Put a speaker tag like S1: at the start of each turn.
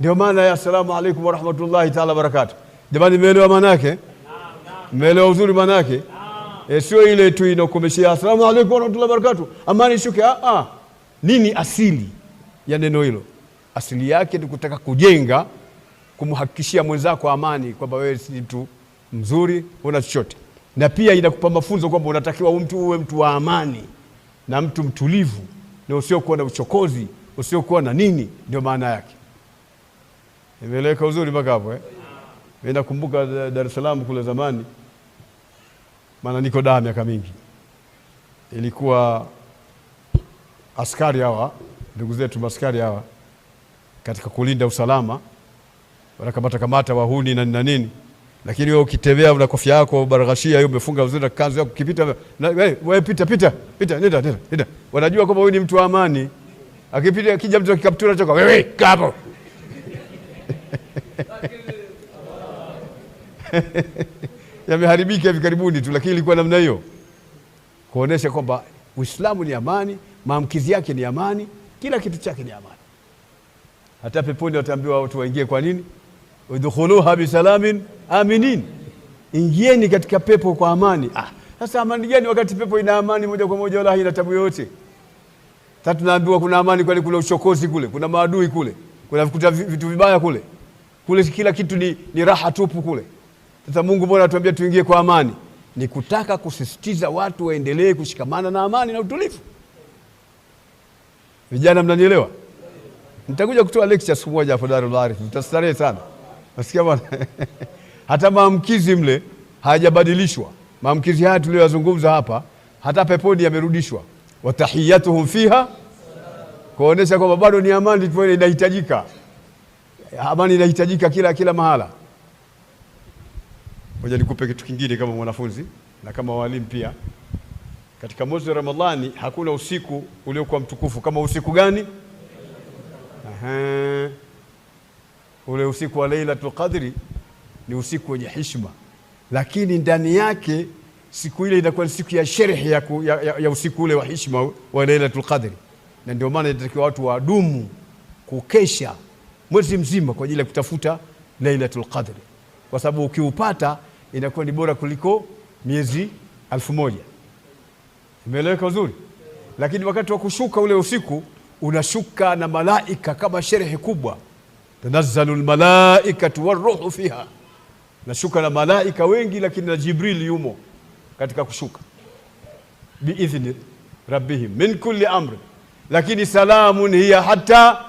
S1: Ndio maana ya assalamu alaikum warahmatullahi taala wabarakatu. Jamani, mmeelewa maana yake? Mmeelewa uzuri maana yake? E, eh, sio ile tu inakomeshea assalamu alaikum warahmatullahi wabarakatu, amani ishuke. Ah, ah, nini asili ya neno hilo? Asili yake ni kutaka kujenga, kumhakikishia mwenzako amani kwamba wewe si mtu mzuri, una chochote, na pia inakupa mafunzo kwamba unatakiwa mtu uwe mtu wa amani na mtu mtulivu na usiokuwa na uchokozi usiokuwa na nini. Ndio maana yake. Imeeleweka uzuri mpaka hapo eh? Mimi nakumbuka Dar es Salaam kule zamani, maana niko daa miaka mingi, ilikuwa askari hawa ndugu zetu maskari hawa katika kulinda usalama wanakamata kamata wahuni na nini nini, lakini wewe ukitembea na kofia yako baraghashia hiyo umefunga vizuri na kanzu yako ukipita, wewe pita pita pita, nenda nenda nenda, wanajua kwamba wewe ni mtu wa amani. Akipita akija mtu akikaptura chako, wewe kapo yameharibika hivi karibuni tu, lakini ilikuwa namna hiyo, kuonesha kwamba Uislamu ni amani, maamkizi yake ni amani, kila kitu chake ni amani. Hata peponi wataambiwa watu waingie. Kwa nini? udkhuluha bisalamin aminin, ingieni katika pepo kwa amani. Ah, sasa amani gani wakati pepo ina amani moja kwa moja, wala haina tabu yoyote? Sasa tunaambiwa kuna amani, kwani kuna uchokozi kule, kuna maadui kule, kuna kuta vitu vibaya kule kule kila kitu ni, ni raha tupu kule. Sasa Mungu mbona anatuambia tuingie kwa amani? Ni kutaka kusisitiza watu waendelee kushikamana na amani na utulivu. Vijana, mnanielewa? Nitakuja kutoa lecture siku moja hapo Darul Arif, mtastarehe sana, nasikia bwana hata maamkizi mle hayajabadilishwa, maamkizi haya tuliyoyazungumza hapa, hata peponi yamerudishwa, watahiyatuhum fiha, kuonesha kwamba bado ni amani tu inahitajika amani inahitajika kila kila mahala. Moja, nikupe kitu kingine kama mwanafunzi na kama walimu pia. Katika mwezi wa Ramadhani hakuna usiku uliokuwa mtukufu kama usiku gani? Aha. Ule usiku wa Lailatul Qadri ni usiku wenye heshima, lakini ndani yake siku ile inakuwa ni siku ya sherehe ya, ya, ya usiku ule wa heshima wa Lailatul Qadri, na ndio maana inatakiwa watu wadumu kukesha mwezi mzima kwa ajili ya kutafuta Lailatul Qadri, kwa sababu ukiupata inakuwa ni bora kuliko miezi alfu moja. Imeeleweka uzuri? Lakini wakati wa kushuka ule usiku unashuka na malaika kama sherehe kubwa, tanazzalu lmalaikatu waruhu fiha, nashuka na malaika wengi, lakini na Jibril yumo katika kushuka biidhni rabbihim min kulli amri, lakini salamun hiya hata